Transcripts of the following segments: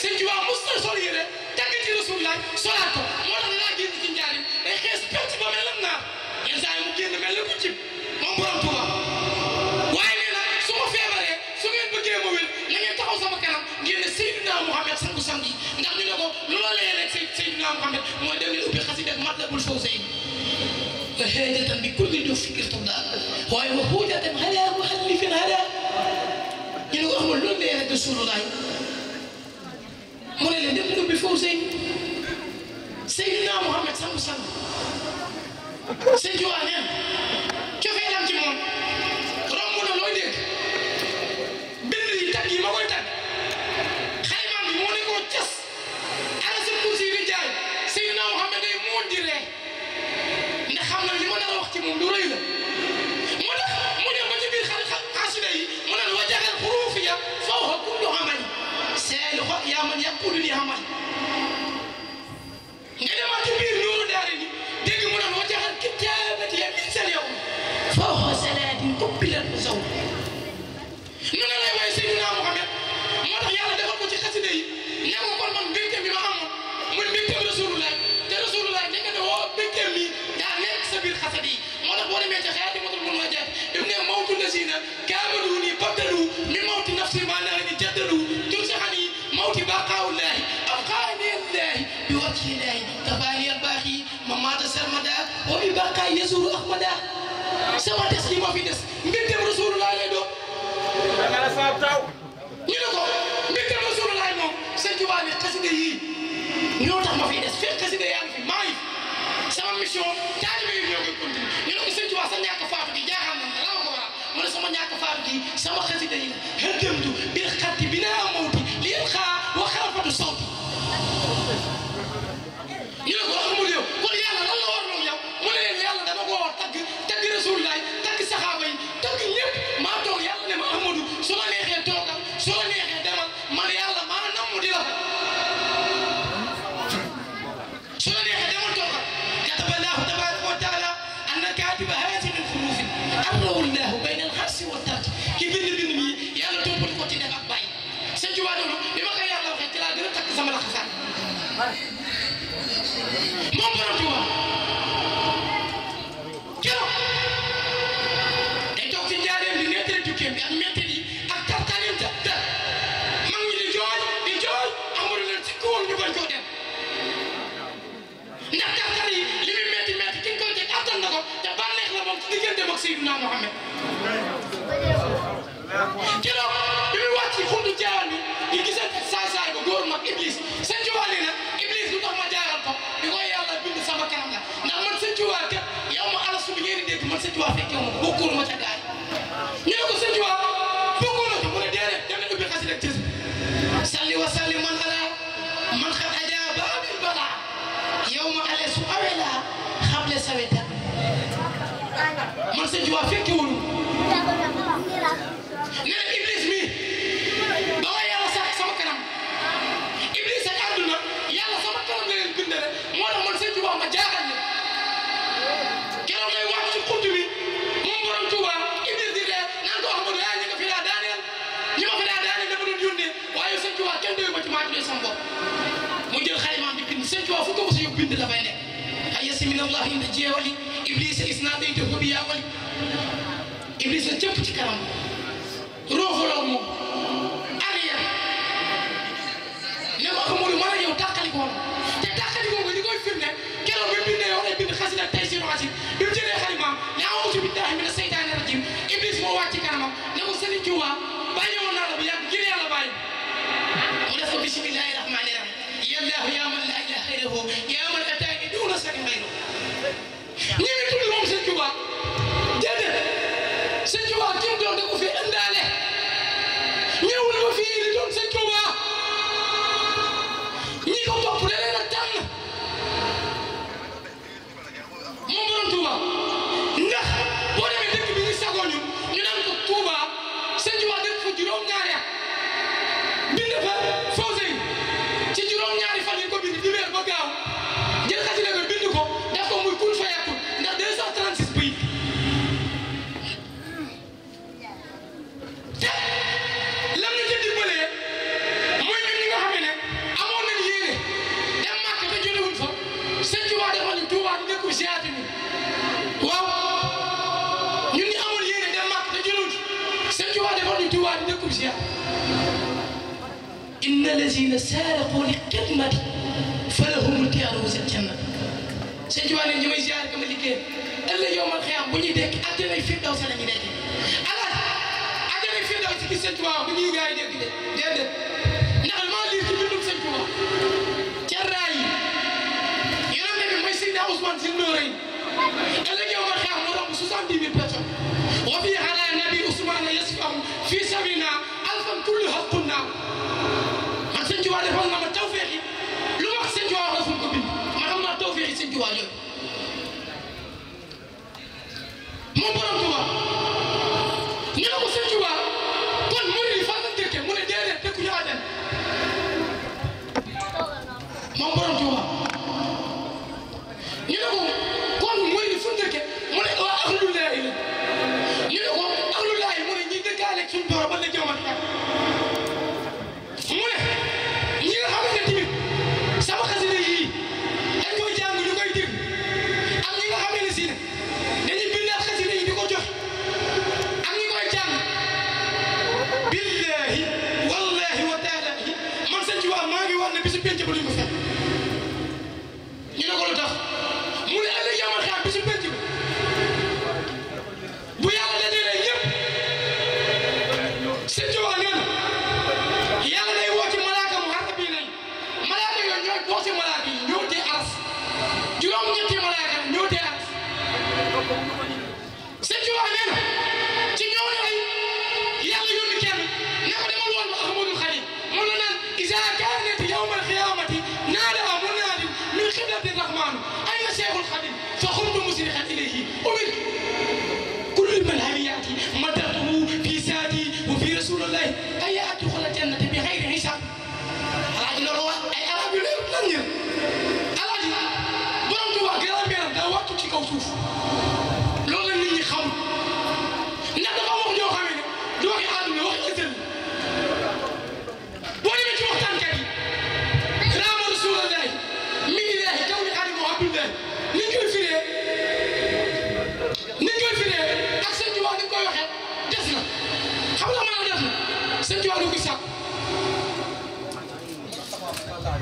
sëñ ci waa mos na sol yére jàggati rasulullah solaat ko moo tax danaa génn ci njaarim day xees perte ba mel na naar yenn saa yi mu génn mel na ku cib moom borom Tuuba waaye nee na su ma feebaree su ngeen bëggee ma wér na ngeen taxaw sama kanam ngeen ne Seydina Mouhamed sangu sang yi ndax ñu ne ko lu la lee rek Seyd Seydina Mouhamed mooy dem leen ubbi xasida mat la bul faw Seyd هادة بكل ذو فكر تضاء وهي وهودة هلا مخلف هلا يلو أهو اللون يا رسول الله Tusi. now, Muhammad sallallahu Say you are nani? bi wacc hidaayi kafaali albaaxi ma maata sarmada wa bi baqaay yasuru ahmada sama des li ma fi des mbégteem rasulullah lay doon ñu ne ko mbégteem rasulullah moom sëñ Tuubaa ne xasida yii ñoo tax ma fi des fekk xasida yaa ngi fi maa ngi sama mission taalibe yi ñoo koy continué ñu ne ko sëñ Tuubaa sa ñàkk faatu gi jaaxal na la ko waral mu ne sama ñàkk faatu gi sama xasida yi la xëddamtu bir xatti Seydina Mohamed keroog bi muy wàcc xuntu jeewal bi di gisante saay-saay bu góor mag Iblis sëñ Tuubaa nee na Iblis lu tax ma jaaral ko di ko yàlla bind sama kanam la ndax man sëñ Tuubaa kat yow ma alastu bi ngeen di dégg man sëñ Tuubaa fekke moom dafay nekk ayasi min allah inda jeewali iblisa isnadayte hobi yaawali iblisa cëpp ci kanam rooxaloo moom arrière ne ko xamul mën a ñëw tàqalikoo te tàqalikoo nga li koy firnde الذين سارقوا لقمتي فلهم الديار والجنة سيدي وانا نجي زيارة كما لكي ألا يوم القيامة بني ديك أدنى الفردوس أنا نجي ألا أدنى الفردوس كي سيدي وانا بني جاي ديك ديك وفي على نبي عثمان يسفهم في سبيلنا ألفا كلها قلنا Tuubaa defal na ma tawféex yi lu wax sëñ Tuubaa deful ko bind ma xam naa tawféex yi sëñ Tuubaa yooyu moom borom Tuubaa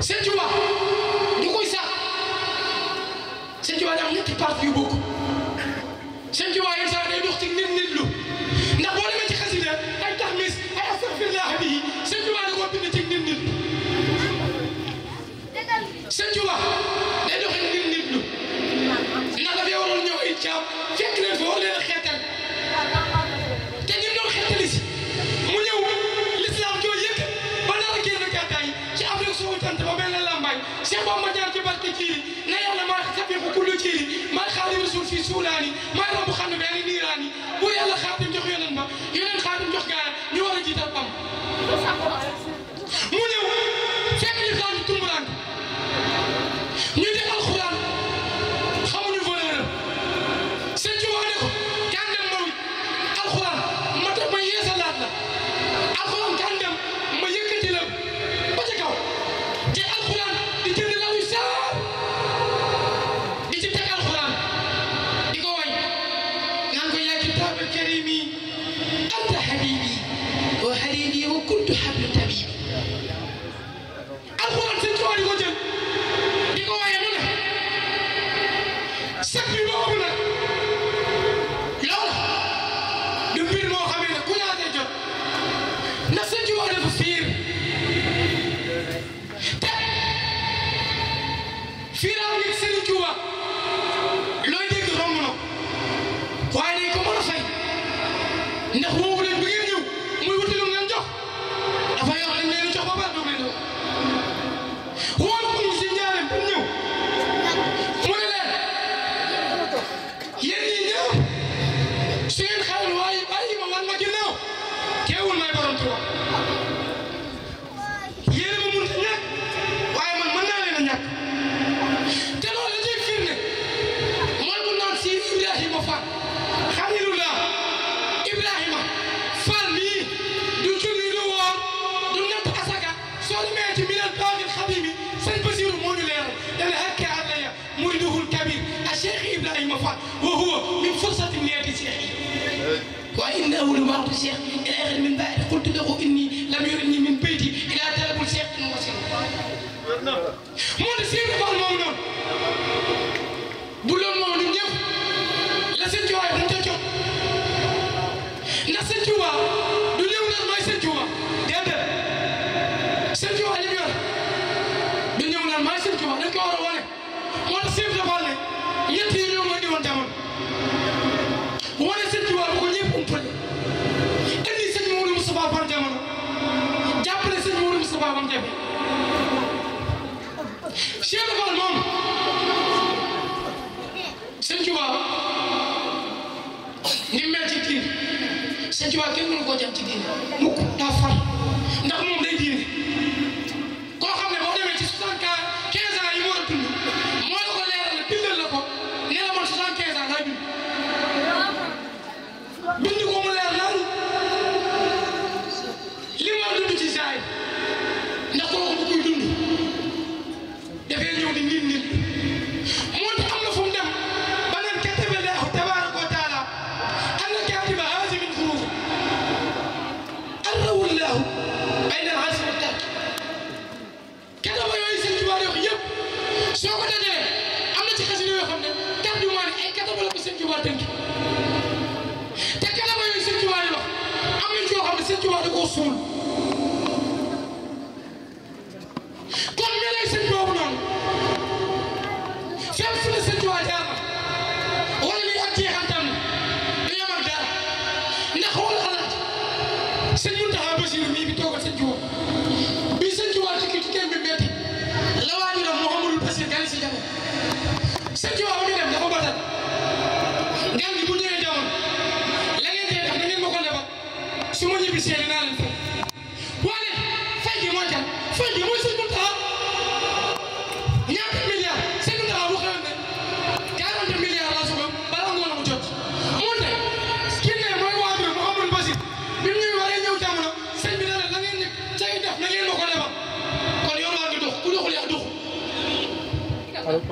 Sëñ Tuuba du sax Sëñ Tuuba daa am ñetti parti yu bokk Sëñ Tuuba yenn saa day dox ci nit nit lu ay taxmis ay astaghfirullah bi Sëñ Tuuba da koo bind Money, My Sëñ Tuubaa kenn mënu koo jam ci diine mukk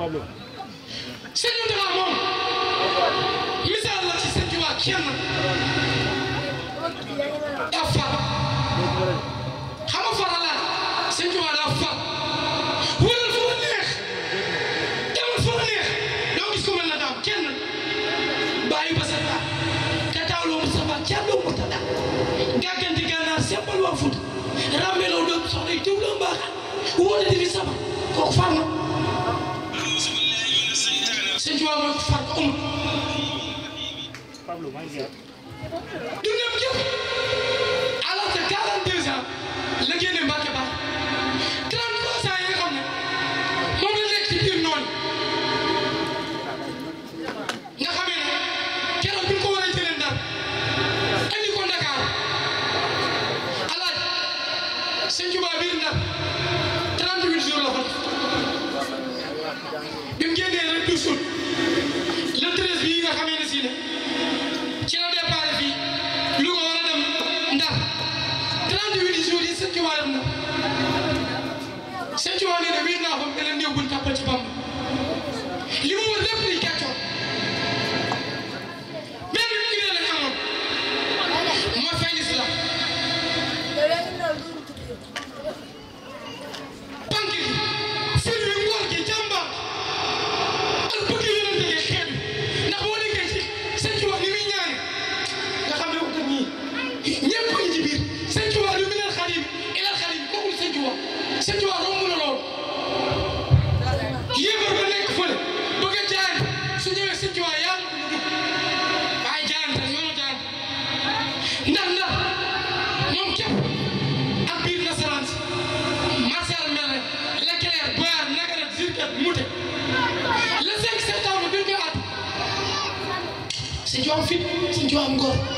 Pablo. sëñ bi damaa moom misaal la ci sëñ Tuubaa kenn daa far xam nga far la sëñ Tuubaa daa far wala fu mu neex demal fu mu neex doo gis ku mel na daam kenn bàyyi ba sa daa ka taaloo mu sa baa caaloo mu ta daa gàggante gànnaar sembal waa fut ràmmeeloo doom soxna yi diw la mbaaxaan wóote di fi sabar kooku far na sëñ Tuubaa mooy ko far ko amul Eu não vou kële néew buñ tàbbal ci bamb li mu wër lépp luy gàccoon benn idée lañ amoon moo feeñ islam going.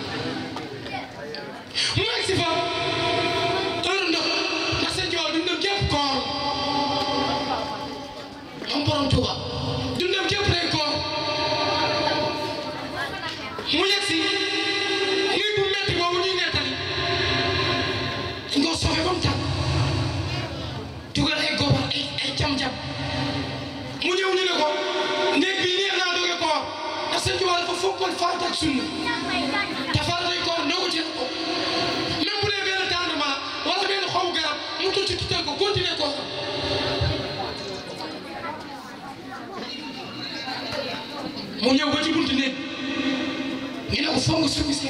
sunna te far nañ ko newu ci même bu dee benn tendement wala benn xaw garab mu tuuti tuutal ko continuer ko mu ñëw ba ci buntu ñu ne ko foog nga summi see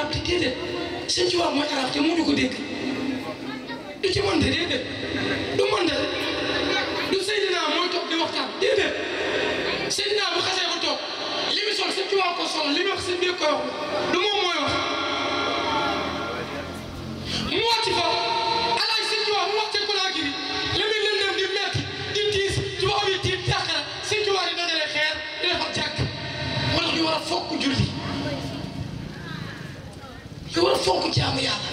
arab te déedéet sëñ ci waa mooy arab te mënu ko dégg du ci mën de déedéet du mën de du Seydina mooy toog di waxtaan déedéet Seydina bu xasee ba toog li mu sol sëñ ci waa ko sol li mu wax sëñ bi koy wax du moom mooy wax fungu kya muyaga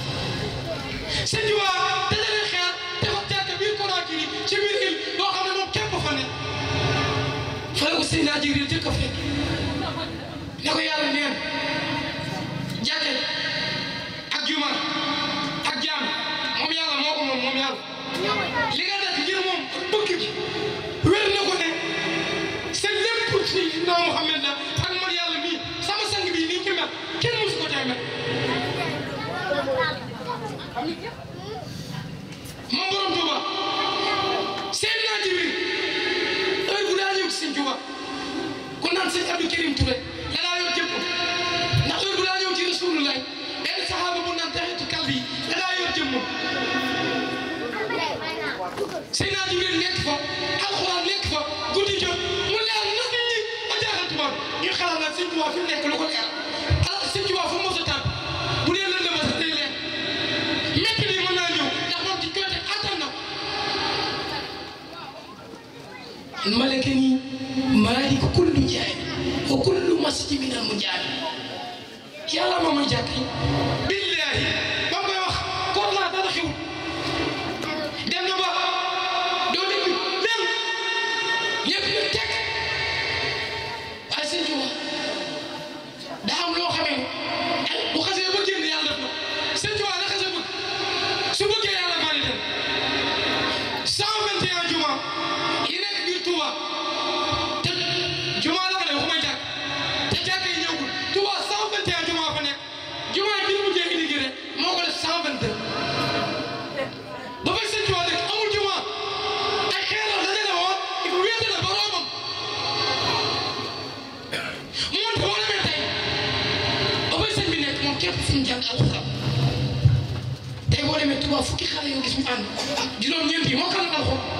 sijua métti bi mën naa ñëw ndax moom ci coote attan na malaka ni maalik kullu jaay wa kullu masjid minal mu jaay yàlla ma ma jàkk billahi ànd juróom-ñeent yi moo kan alxuraan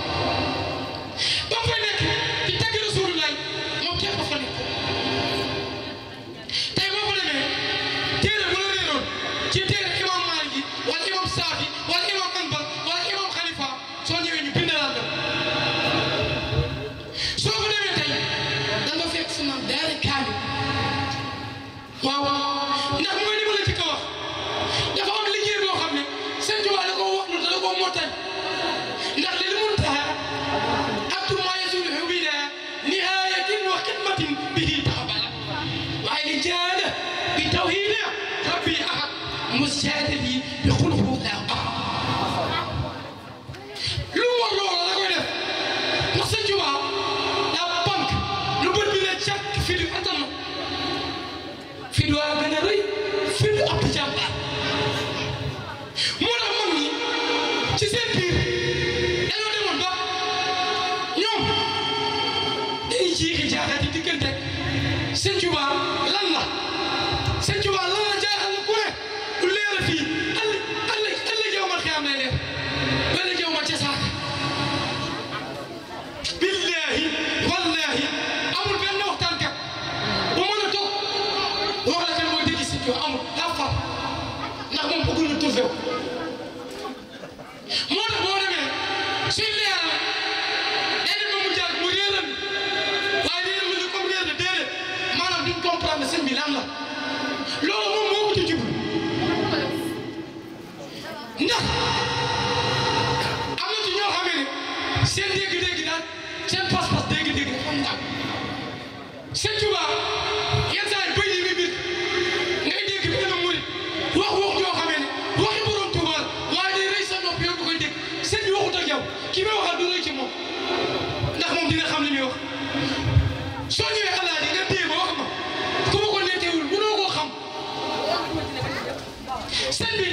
soo ñëwee alaaji nga téye ma wax ma ku ma ko nekkewul mënoo koo xam sëñ bi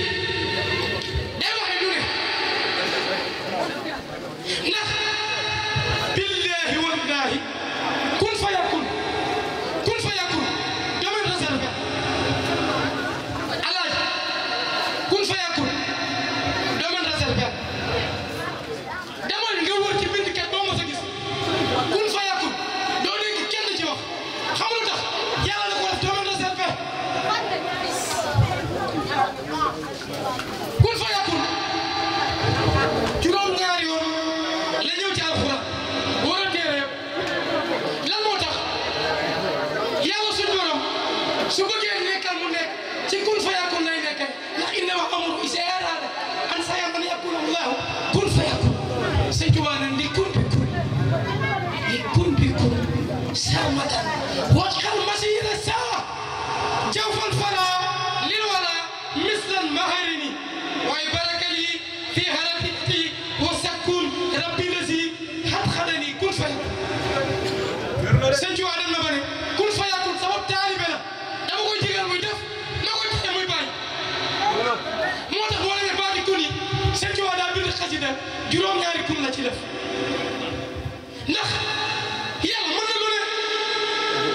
ndax yàlla mën na lu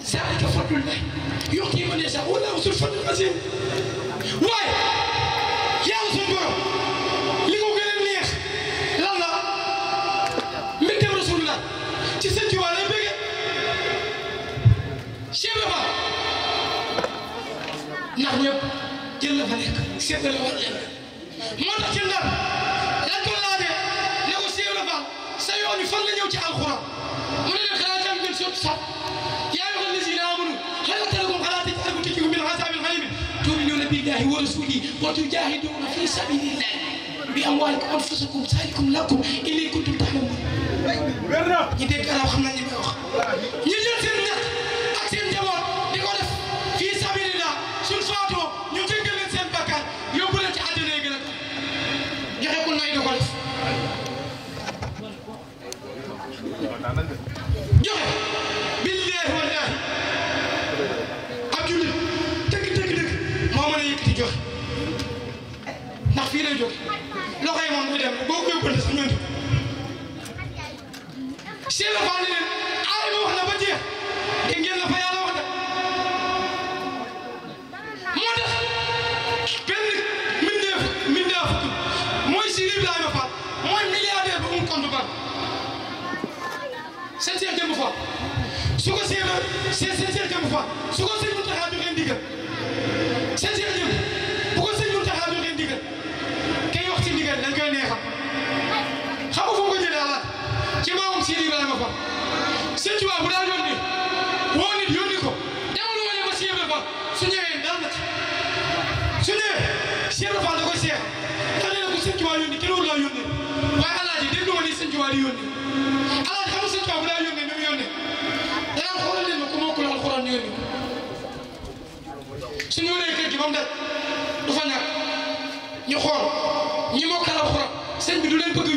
ne zaalika fadlullaah yu'tiihi man yashaa wallaahu zul fadlil aziim waaye yàlla suñu borom li ko gën a neex lan la mbégteem Rasulullah ci seen tubaab lay bëgg Cheikh Rafa ndax ñëpp jël la fa nekk seet la war a يوجع أخرى من الخلاجة من سبصب يا أيها الذين آمنوا هل أتلكم على تتقون من عذاب الغيم تؤمنون بالله ورسوله وتجاهدون في سبيل الله بأموالكم أنفسكم ذلكم لكم إن كنتم تعلمون. يديك أنا وخمنا نبي seen a xool ne leen aay ma wax na ba jeex dégg ngeen la fa yàlla wax de moo tax benn mbindeef mbindeef mooy Sidi Ibrahima Fall mooy milliardaire bu mu compte ban seen seex jëmb Fall su ko seen seen seen seex jëmb Fall su ko seen mu taxaa joxee ndigal seen seex jëmb bu ko seen mu taxaa joxee ndigal kay wax ci ndigal dañ koy neexal xam nga foo ko jëlee alaat ci maamam Sidi Ibrahima Fall Sëñ Tuubaa bu daa yónni woo nit yónni ko demal wane ma Sidi Fall su ñëwee dal na ci su ñëwee Sidi Fall da koy seet ndax nee na ko Sëñ Tuubaa yónni kenn laa yónni waaye alaaji dégg nga ma ni Sëñ Tuubaa di yónni alaaji xam nga Sëñ Tuubaa bu daa yónni ni mu yónni danaa xoolal leen ma ku mokkul alxuraan yónni su ñu wëree kër gi ba mu daj du fa ñàkk ñu xool ñi mokkal alxuraan sëñ bi du leen bëgg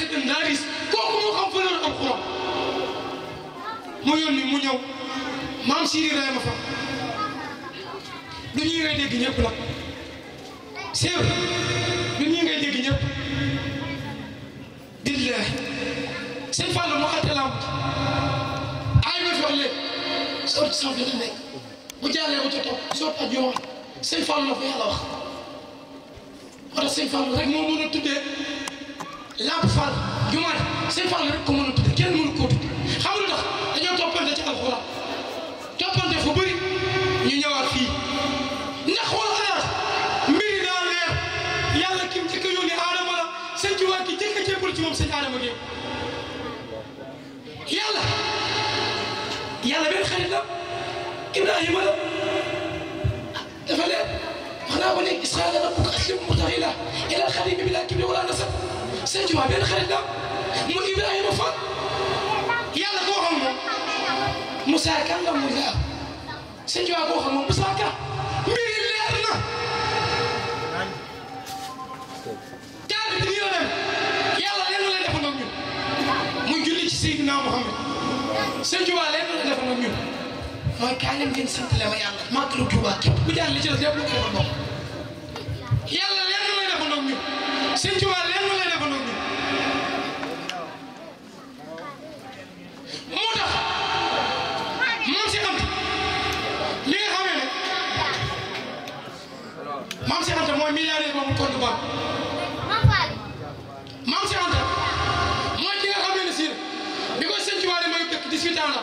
c'est un naaris kooku moo xam valeur alxuraan mu yónni mu ñëw maam Sidi Ibrahima Fall lu ñuy ngay dégg ñëpp la seew lu ñuy ngay dégg ñëpp billaahi sëñ Fall moo atte lamb ay ma fi wax léegi soo soo fi nekk bu jàllee ah. ko ca toog soo paj yoo wax sëñ Fall la fa yàlla wax moo tax sëñ Fall rek moo mën a tuddee Lamp Fall jumaa Sëñ Fall rek ko mën a tudd kenn mënu koo tudd xam nga ndax dañoo toppante ci alxuraan toppante fu bëri ñu ñëwaat fii ndax xool xalaat mbir yi daa leer yàlla kim njëkk a yónni aadama la sëñ ci waa ki njëkk a jébbal ci moom sëñ aadama gi yàlla yàlla benn xarit la Ibrahima la dafa leer wax naa ko ne isxaala rabbuka aslim muxtaar ilaa ilal xadiimi bilaa kibri wala nasab سيجوا بين خلدا مو إبراهيم فان يلا قوهم موسى كان لهم لا سيجوا قوهم موسى كان مليارنا تعرف ديونهم يلا لين لا دفنهم نيو مو جلي سيدنا محمد سيجوا لين لا دفنهم نيو ما كان يمكن سنت لما يلا ما كلو توبا كيف بدي أنا لجلس يبلغ يلا لين لا دفنهم نيو سيجوا milliards yi moom compte ba maam si Anta mooy ki nga xam ne si bi ko sëñ Tuubaa mooy dëkk 18 ans la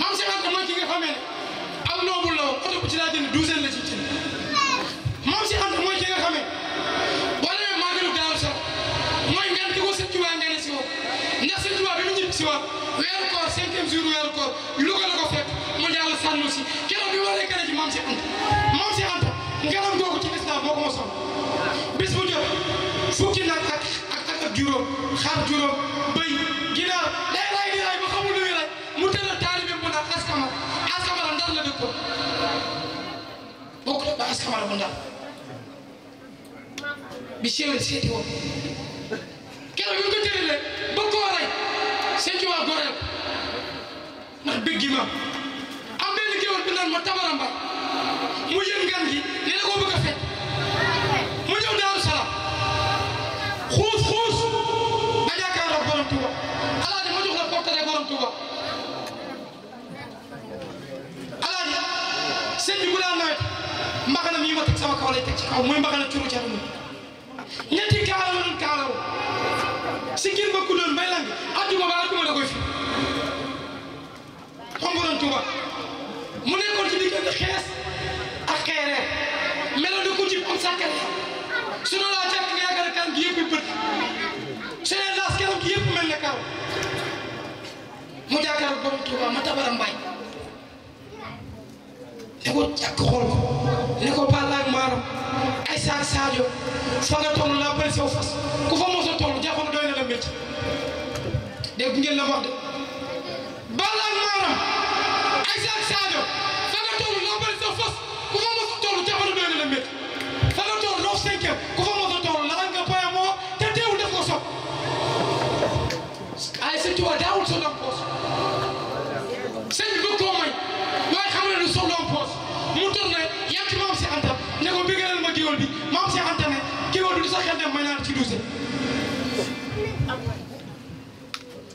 maam si Anta mooy ki nga xam ne ak noobul la woon oto bu ci laa jënd douzaine la ci jënd maam si Anta mooy ki nga xam ne boo demee màggalu daaw sax mooy ngeen di ko sëñ Tuubaa ngeen si woo ndax sëñ Tuubaa bi mu ñibbi si waat weeru koor cinquième jour weeru koor lu ko la ko fekk mu jàll sànnu si keroog bi mu war a gën a ji maam si Anta maam si Anta ngalam googu ci lislaam moo ko mosoon bis bu jot fukki nag ak ak ak juróom xaar juróom bëy ginaar day ray di ray ba xamul lu muy ray mu tëral taalibe bu ndax askamara askamara ndar la dëkkoon bokkul ba askamara bu ndar bi séewee seeti woon keroog yu ko tëralee ba koo rey seen ci waa goreel ndax bëgg gi ma am benn géwél bi naan ma tabaramba mu yëg ngan gi nee na koo bëgg a fekk mu ñëw daaru salaam xuus xuus ba jàkkaarloo borom Tuuba alaaji ma jox la portrait borom Tuuba alaaji sëñ bi bu daan nawet mbaxana mii ma teg sama kaw lay teg ci kaw mooy mbaxana curu ca mi ñetti kaalaw doon kaalaw si kir ba ku doon bay lang àjjuma ba àjjuma da koy fi xam borom Tuuba mu nekkoon ci diggante xees sàkkee su ne laa càkk nga yaakaar kanam gi yëpp bët su ne laas kanam gi yëpp mel ne kaw mu jàkkaarloo borom Tuuba ma tabara mbaay ne ko càkk xool ko ne ko bàllaak maaram ay saajo fa laa bëri saw fas ku fa mos a toll jàppoon doy na la métti dégg ngeen la wax de bàllaak maaram ay saajo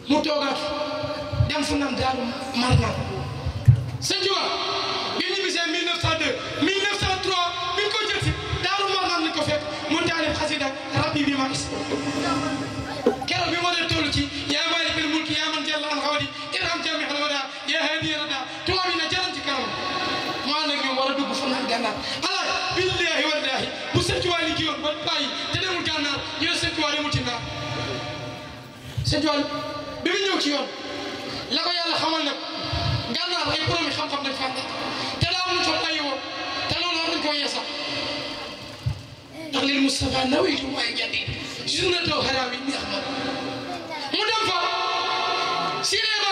mu toogaat dem fu nam daal mar na sëñ Tuuba bi ñu bisee 1902 1903 bi ñu ko jël si daaru mar naan ni ko fekk mu taalif xasida rabbi bi ma gis keroog bi ma dee toll ci yaa maalikal mulki yaa man jalla an xawadi irham jami al wada yaa haadi rada tubaab yi na jaran ci kanam mu ànd ak ñoom war a dugg fu naan gànnaar ala billahi wallahi bu sëñ Tuuba liggéeyoon ba bàyyi te demul gànnaar ñu ne sëñ Tuuba demul ci naar sëñ Tuuba bi mu ñëw ci yoon la ko yàlla xamal ne gànnaar ay borom yi xam-xam dañ faa nekk te daaw ñu toog bàyyi woon te loolu war nañ koo yeesal ndax lil Moustapha nawaytu waaye jaddi sunnatoo xaraaw yi neex na mu dem fa cinéma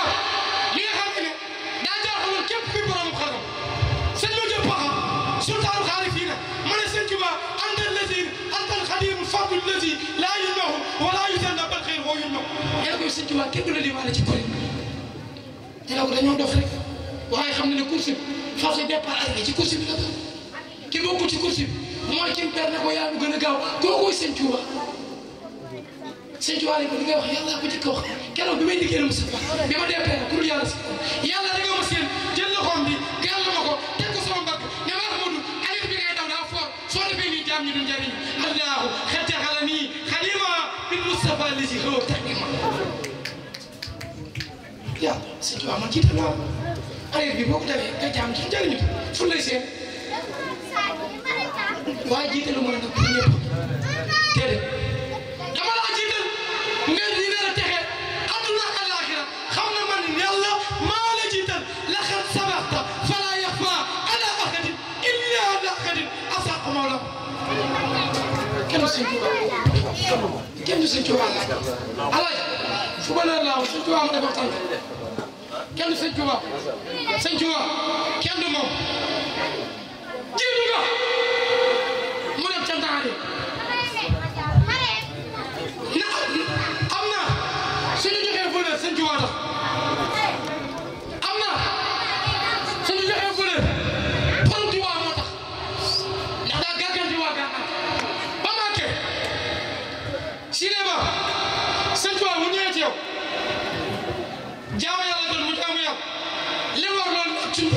li nga xam ne daa jaaxaloon képp kuy borom xaram sëñ ma jëpp paxa sultaanul xaari fii na ma ne sëñ Tuubaa antal lazir antal xadim fadul lazi laa yunahu wala yutan juma képp la limaale ci përi te la ko dañoo dof rek waaye xam na ne course bi fase départ arrivé ci que bi la ki bokku ci course bi mooy kim per o que yaa a gaaw kookoy sëñ Tuuba sëñ Tuuba li que li ngay que é ko jëkk wax keroog bi may liggéey mu é bi ma é père pour yàlla si yàlla rek ma seen jël loxoom bi é o ko teg ko sama é ne ma Ahmadu alir bi ngay daw daa fort soo defee nii jaam ñu du Allah allahu xajaxala nii que bil Mustafa li si xëw teg yàlla sëñ bi man jiital naa la année bi boo ko defee nga jaam ci njëriñu fu lay seen waaye jiitalu ma la nag pour ñëpp déedéet dama la jiital ngeen di leen a texe àdduna ak àllaaxira xam na man yàlla maa la jiital laqad sabaqta fala yaxfa ala ahadin illa ala ahadin asaqu mawla kenn du sëñ Tuubaa kenn du sëñ Tuubaa alaaj footballeur laa woon sëñ Tuubaa ma defar tànk kenn du sëñ Tuubaa sëñ Tuubaa kenn du moom jiitu nga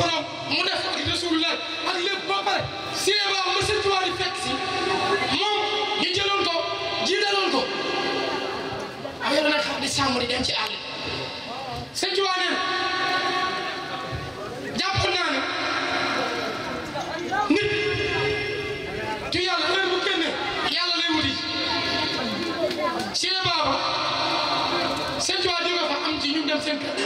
borom mu def ak rasulullah ak lépp ba pare Sénégal monsieur Touba di fekk si moom ñu jëloon ko jiitaloon ko am yow nag xam di sàmm di dem ci àll sëñ Touba nee na jàpp naa ne nit ci yàlla heure bu génne yàlla lay wuti Sénégal ba sëñ Touba di nga fa am ci ñu dem seen kër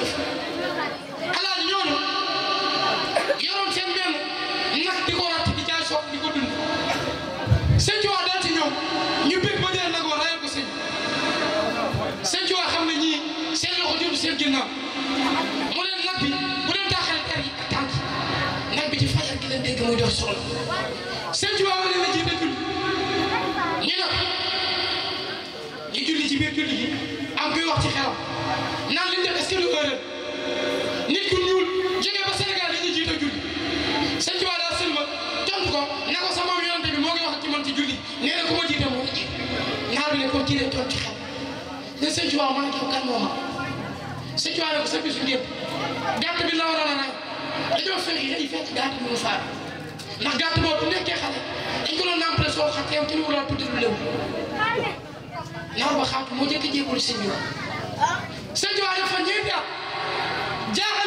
ginnaaw mu leen nag bi bu leen taaxal kër yi ak tànk nag bi ci fajar gi leen dégg muy dox soxla sëñ Tuubaa wane na jiite julli ñu nag ñu julli ci biir julli gi am kuy wax ci xelam naan li mu def est-ce que du erreur nit ku ñuul jóge ba Sénégal yi ñu jiite julli sëñ Tuubaa daal sëñ ma tontu ko ne ko sama yonante bi moo ngi wax ak ci man ci julli nee na ku ma jiite moo la jiite naar bi ne ko jiite tontu ci xel ne sëñ Tuubaa maa ngi ko kan moo ma sëñ Tuubaa ko sa bisu ngéem gàtt bi la waroon a rey dañoo fexe day fekk gàtt bi mu faar ndax gàtt boobu bu nekkee xale dañ ko doon nàmpale soo xatee te ñu war a tuddee lu lew nar ba xaatu moo njëkk a jébbal sëñ bi sëñ Tuubaa dafa ñeenti at jaaxal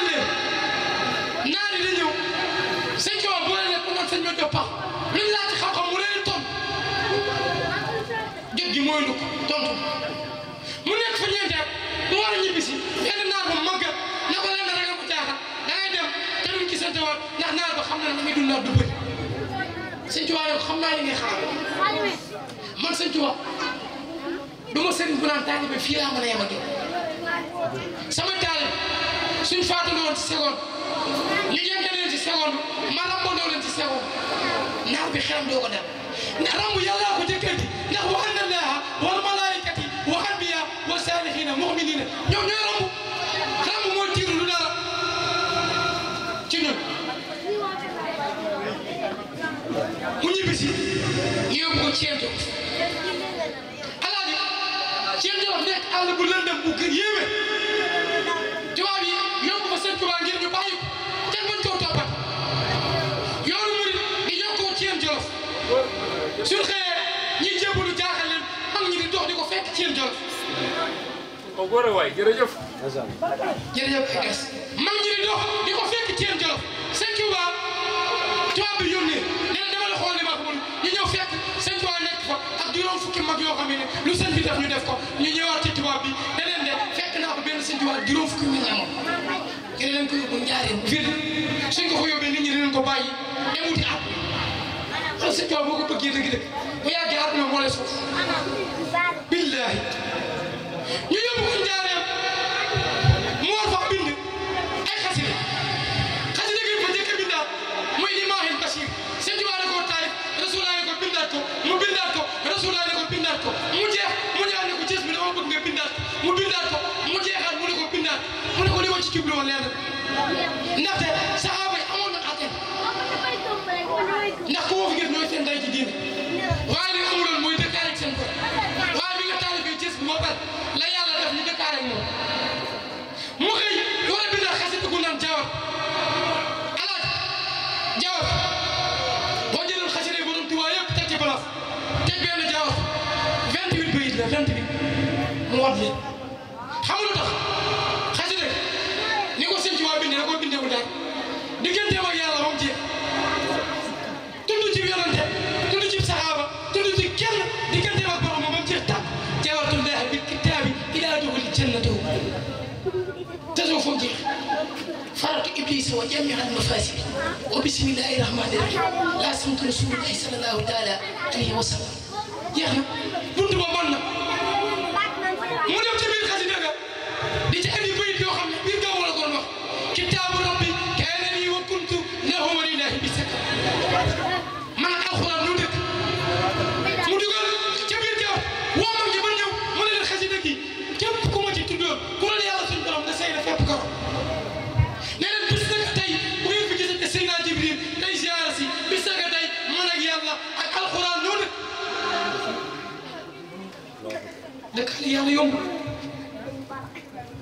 xam na ne muy dund du bëri sëñ Tuubaa yow xam naa li ngay xaar man sëñ Tuubaa du ma sëriñ bu naan taalibe fii laa mën a yem ak sama taalibe suñ faatale woon ci seconde ñu jënte leen ci seconde ma rambandoo leen ci seconde naar bi xelam doo ko dal ndax rambu yàllaa ko jëkkati ndax wa anna laaha wal malaayikati wa anbiya wa saalihiina mu'miniina ñoom ñooy rambu Cheikh Diop alaaji Cheikh Diop nekk àll bu lëndëm bu kër yéeme tubaab yi yóbbu fa seen tubaab ngir ñu bàyyi ko kenn mën koo toppat yoonu murit di yokkoo Cheikh Diop suñ xëyee ñi jébbalu jaaxal leen mag ñi di ko fekk ci Diop ko góor a waay jërëjëf jërëjëf mag ñi di dox fekk Cheikh Diop ci mag yoo lu sëñ bi def def ko ñu ñëwaat ci tubaab bi ne leen de fekk naa ko benn sëñ tubaab juróom fukki nit ñamoon dina leen ko yóbbu ñaareel ville suñ ko ko yóbbee nit ñi dinañ ko bàyyi dem wuti at xam sëñ tubaab boo ko bëggee dëgg dëgg bu yàggee at ñoom moo lay suuf billaahi ñu bindaat ko mu jeexal mu ne ko bindaat mu ne ko li ma ci jublu woon leer ndaxte وجميع المفاسد وبسم الله الرحمن الرحيم لا سمت رسول الله صلى الله عليه وسلم يا منذ ما ومنك yàlla yomb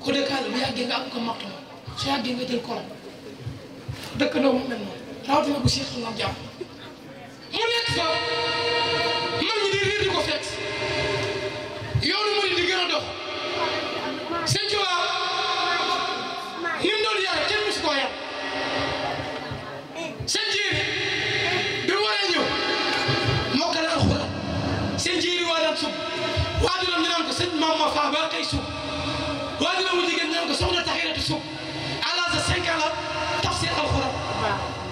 ku dëkkaale bu su yàggee nga jël korom dëkkandoo mu mel noonu rawatina bu siy xam nga mu nekk fa man ñi di réer di ko fekk. ko fa ba kay su wadina mu jigen nan ko soxna tahiratu su ala sa 5 ans la tafsir alquran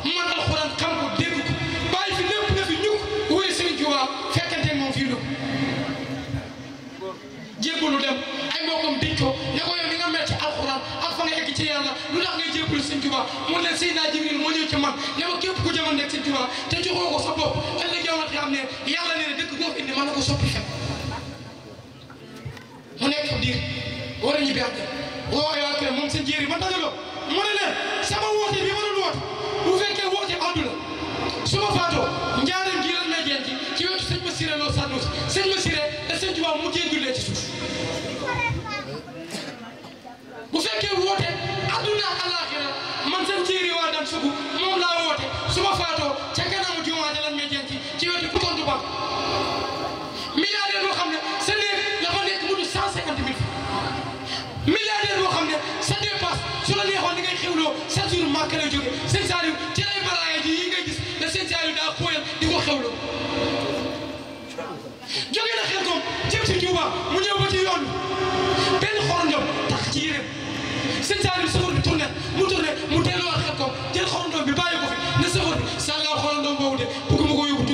man alquran xam ko dégg ko bàyyi fi lépp na fi ñuk wéy sëriñ Tuuba fekkante moom fii lu jébbalu dem ay mbokkam diñ ko ne ko yow ni nga mel ci alquran ak fa nga egg ci yàlla lu tax ngay jébbalu sëriñ Tuuba mu ne Seydina Jibril moo ñëw ci man ne ma képp ku jamono nekk sëriñ Tuuba te joxoo ko sa bopp ëllëg yow nag xam ne yàlla ne dëkk boo fi indi mën na ko soppi xel mu nekk diir ak woo moom seen jéeri man dajaloo mu ne leen woote bi ma doon woote bu fekkee woote addu la su ma faatoo njaaram gii lan may génn ci wetu sëñ ma siré loo sànnuus sëñ ma siré da sëñ mu jéem jullee ci suuf bu fekkee woote adduna ak man seen waa dam sugu moom laa woote su faatoo ca kanamu jumaa lan may génn ci wetu ku tontu ba waa kër jóge sëñ Saliou ci lay balaaya ji yi ne sëñ Saliou daa xóoyal di ko xewlu jóge na xel koom jëm si mu ñëw ba yoon benn xorondom tax ci yéreem sëñ mu tourné mu delluwaat xel koom jël xorondom bi bàyyi ko fi ne soxor bi sàllaaw xorondom boobu de bëgguma ko yóbbu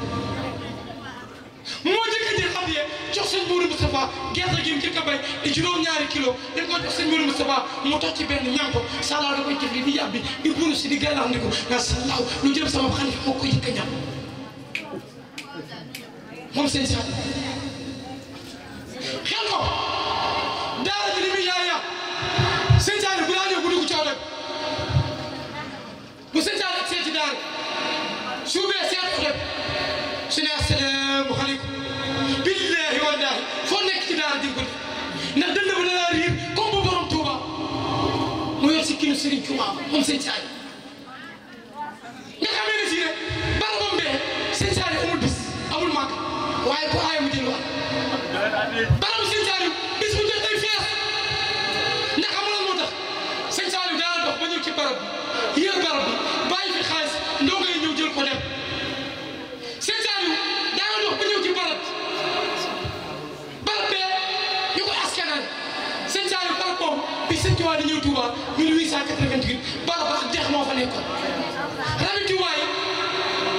moo jëkk a jël addiya jox sëñ Mourou Moustapha gerte gi mu jëkk a bay di juróom-ñaari kilo dañ ko jox sëñ Mourou Moustapha mu toog ci benn ñam ko salaa da koy jëf li di yàbbi di bunu si di gàllam ko nga salaaw lu jëm sama xalifa moo ko jëkk a ñam moom sëñ Saad xel ko daara ji li muy yaay yàq sëñ Saad bu daa ñëw bu dugg coow rek bu sëñ Saad ak seet ci daara suubee seet ko rek su ne asalaamaaleykum Serigne Touba moom sëñ Saaliw 1988 Baax dex moo fa nekkoon rajo Tuubaa yi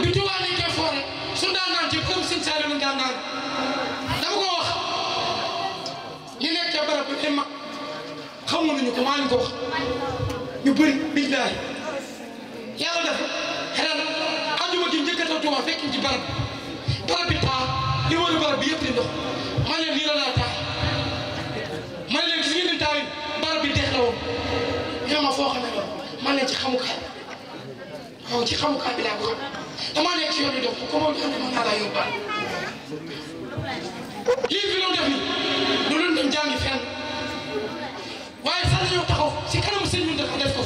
bi Tuubaa nekkee foore su daan naan ci comme sëñ Saliou la daan naan dama ko wax ñu nekk ca barab bi ay mag xam nga nañu ko maa ngi ko wax ñu bëri billaahi yàlla def ren àjjuma gi njëkk a taw Tuubaa fekk ci barab barab bi taa li wër barab bi yëpp di ndox ne ci xamukaay xaw ci xamukaay bi laa ko xam damaa nekk ci yoon bi dox ko moom xam ne mën naa laa yóbbaal lii fi doon def ni du luñ dem jàngi fenn waaye sax dañoo taxaw si kanamu sëñ bi dafa def ko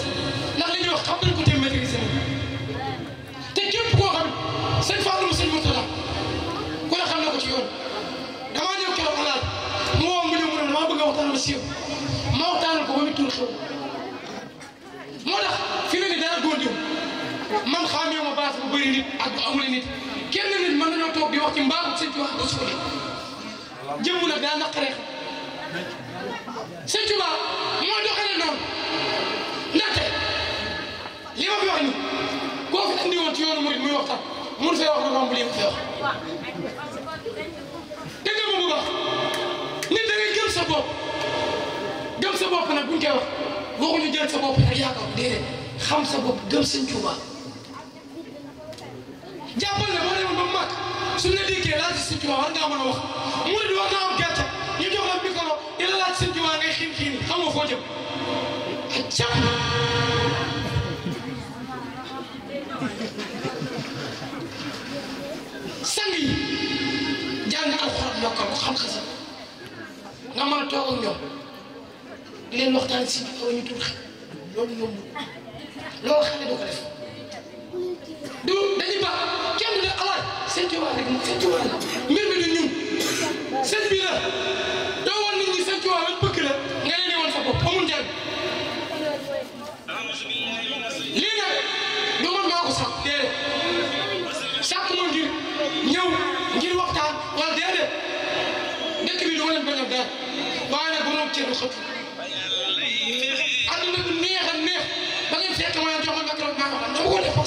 ndax li ñuy wax xam nañ ko te maîtriser te képp koo xam sëñ Fallou sëñ Mourtada ku ne xam na ko ci yoon damaa ñëw keroog alaal mu woo mu ne mu ne maa bëgg a waxtaan ak ma siiw ma waxtaanal ko ba mu tuur xew man xaamee ma base bu bëri nit ak bu amul nit kenn nit mën nañoo toog di wax ci mbaaru sëñ Tuubaa Rasuul jëmm nag daa naqaree sëñ Tuubaa moo li ma fi wax ni koo fi andi yoonu murit muy waxtaan mun fee wax lu romb lii mu fee wax dëgg bu baax nit da ngay gëm sa bopp gëm sa bopp nag buñ koy sa bopp rek yaakaar déedéet xam sa bopp gëm sëñ Tuubaa jàppal ne boo demoon ba mag suñ la déggee laaj si Sëñ war a wax murid war ngaa am gàcce ñu jox la micro di la laaj Sëñ ngay xiin xiin xam nga foo jëm a toog ak ñoom di leen waxtaan si ñu tuuti loolu ñoom loo xam ne du ko du dañuy baax kenn du ne alaaj seen Tuubaa rek moom seen Tuubaa la mbir mi du ñun seen bi la doo woon nit ñi seen Tuubaa lañ bëgg la nga leen di woon sa bopp amul njëriñ lii nag du man maa ko sax déedéet sàkk ma ngir ñëw ngir waxtaan wala déedéet dëkk bi du ma leen bañ a dara waaye nag bu ma cër xëpp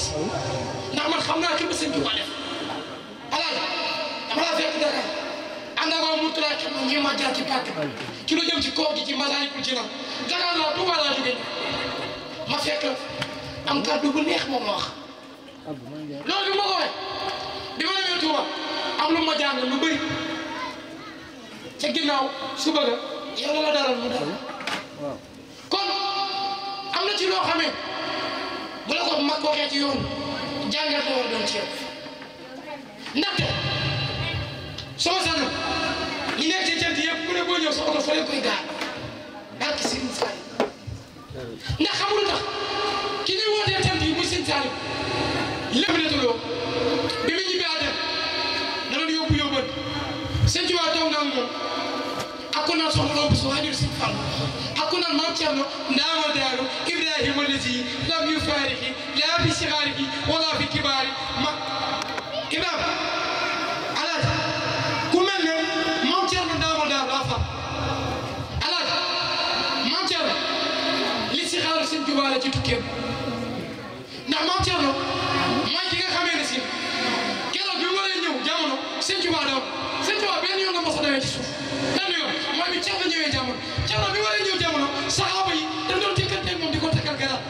pass a ndax a xam naa fekk Dakar ànd ak waa mu ñëw ma jaar ci pàkk ci lu jëm ci kaw gi ci Masaalikul Jinaan laa Tuubaa laa jógee ma fekk am kàddu bu neex ma wax loolu ma ko waxee bi ma demee Tuubaa am lu ma jàng lu bëri ca ginnaaw suba ga la la daral mu daral kon am na ci loo bu la ko mag waxee ci yoon jàngal ko war doon ci yow ndaxte soo sanu ñi nekk ci cant ku ne boo ñëw sa oto fa leen koy gaar barki Serigne Saliou ndax xamul tax ki ñuy wootee cant yi muy Serigne Saliou ne tuloo bi mu ñibbi àddina da doon yóbbu yóbbal sëñ ci waa toog naa moom ak ko naan soxla bu su waajur Serigne Fallou naan maam Thierno ndaama daaru Ibrahima lazi lam yu faarixi laa fi sixaarixi wala fi kibaari ma imaam alaaj ku mel ne maam Thierno ndaama daaru laa far alaaj maam Thierno li sixaaru seen jubaale ci tukkeem ndax maam Thierno mooy ki nga xamee ne si keroog bi mu waree ñëw jamono seen jubaa daw seen jubaa benn yoon la mos a dawee ci suuf benn yoon mooy bi Thierno ñëwee jamono Thierno bi waree ñëw jamono saxaaba yi dañ doon jëkkante moom di ko tegal garab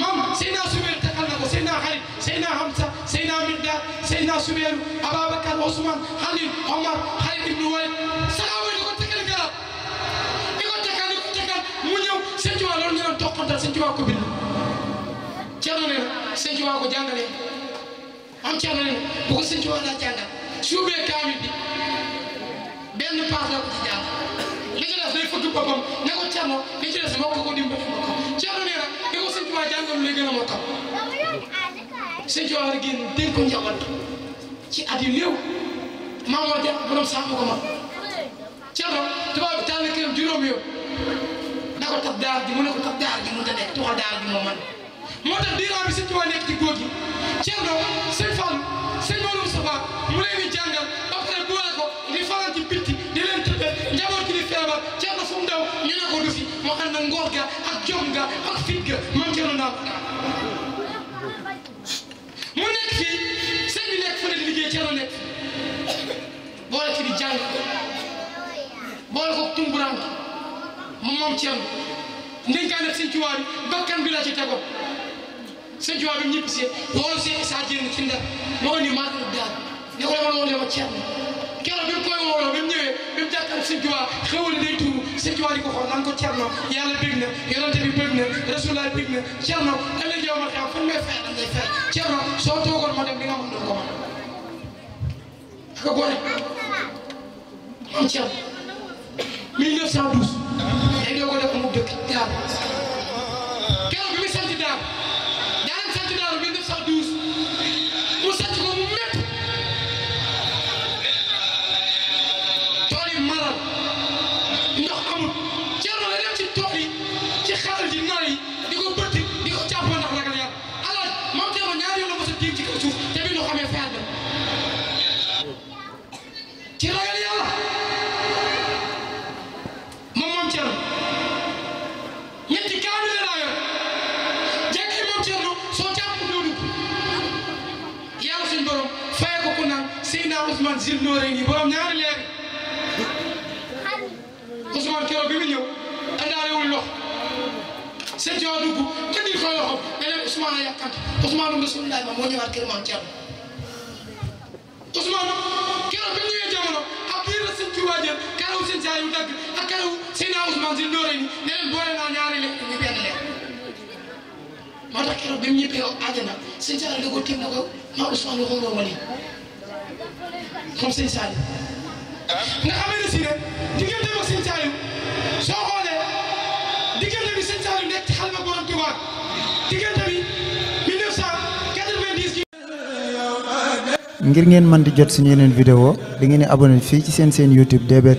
maam Seyna Sumeer tegal na ko Seyna Xarit Seyna Hamza Seyna Miqdaad Seyna Sumeer Ababacar Ousmane Khalil Omar Khalid ibn Walid saxaaba yi di ko tegal garab di ko tegal di mu ñëw sëñ Tuubaa loolu ñu doon toqantal sëñ Tuubaa ko bind Ceerno ne sëñ Tuubaa ko jàngalee am Ceerno ne bu ko sëñ Tuubaa daa jàngal suubee kaamil bi benn paas la ko ci li ci des day fëgg boppam ne ko Thierno li ci des moo ko dimbali moo ko Thierno nee na li ko sëñ Tuubaa jàngal lay gën a mokkal sëñ Tuubaa war a génn dénk ko njaboot ci at yu néew maam moo def borom sàmm ko ma Thierno tubaab bi tànn këram juróom yow na ko tab daar ji mu ne ko tab daar ji mu ta nekk tuxal daar ji moo man moo tax diiraa bi sëñ Tuubaa nekk ci góor gi Thierno sëñ Fall sëñ Maodo Moustapha mu leen di jàngal moo xam na ngor ga ak jom ga ak fit ga maam Thierno mu nekk fii seen bi nekk fa nekk liggéey Thierno nekk boole ci di jàng boole ko tumburaan moom moom Thierno ndénkaan ak seen ciwaar yi bakkan bi la ci tegoo seen ciwaar bi ñëpp si loolu seen saa jéem ci ndar moo ni maa ne ko la ma loolu yow keroog bi mu koy wóoloo bi mu ñëwee bi mu jàkkaam sëñ Tuubaa xewal day tuuru sëñ Tuubaa di ko xool naan ko Cerno yàlla bég na yonante bi bég na Rasulullaah bég na Cerno ëllëg yow ma xew fu ñu may fay dañ lay fay Cerno soo toogoon ma dem di nga xam doon ko man aka gone am Cerno 1912 ay doo ko def sil nooré nii borom ñaari leer Ousmane keroog bi mu ñëw andaalewul lox sëñ Thiaw dugg te di fa loxo ne leen Ousmane a yàkkante Ousmane nga suñu laaj ma moo ñëwaat kër maam Thierno Ousmane keroog bi mu ñëwee jamono ak kii la sëñ Thiaw jël karaw sëñ Thiaw yu dagg ak karaw sëñ Ousmane sil nooré nii ne leen boole naa ñaari leer ñu benn leer moo tax keroog bi mu ñëppee àjjana sëñ Thiaw da ko tiim na ko maa Ousmane waxoon nga wali moom ngir ngeen mën di jot suñu yeneen video da ngeen di abonné fii ci seen seen YouTube DBT.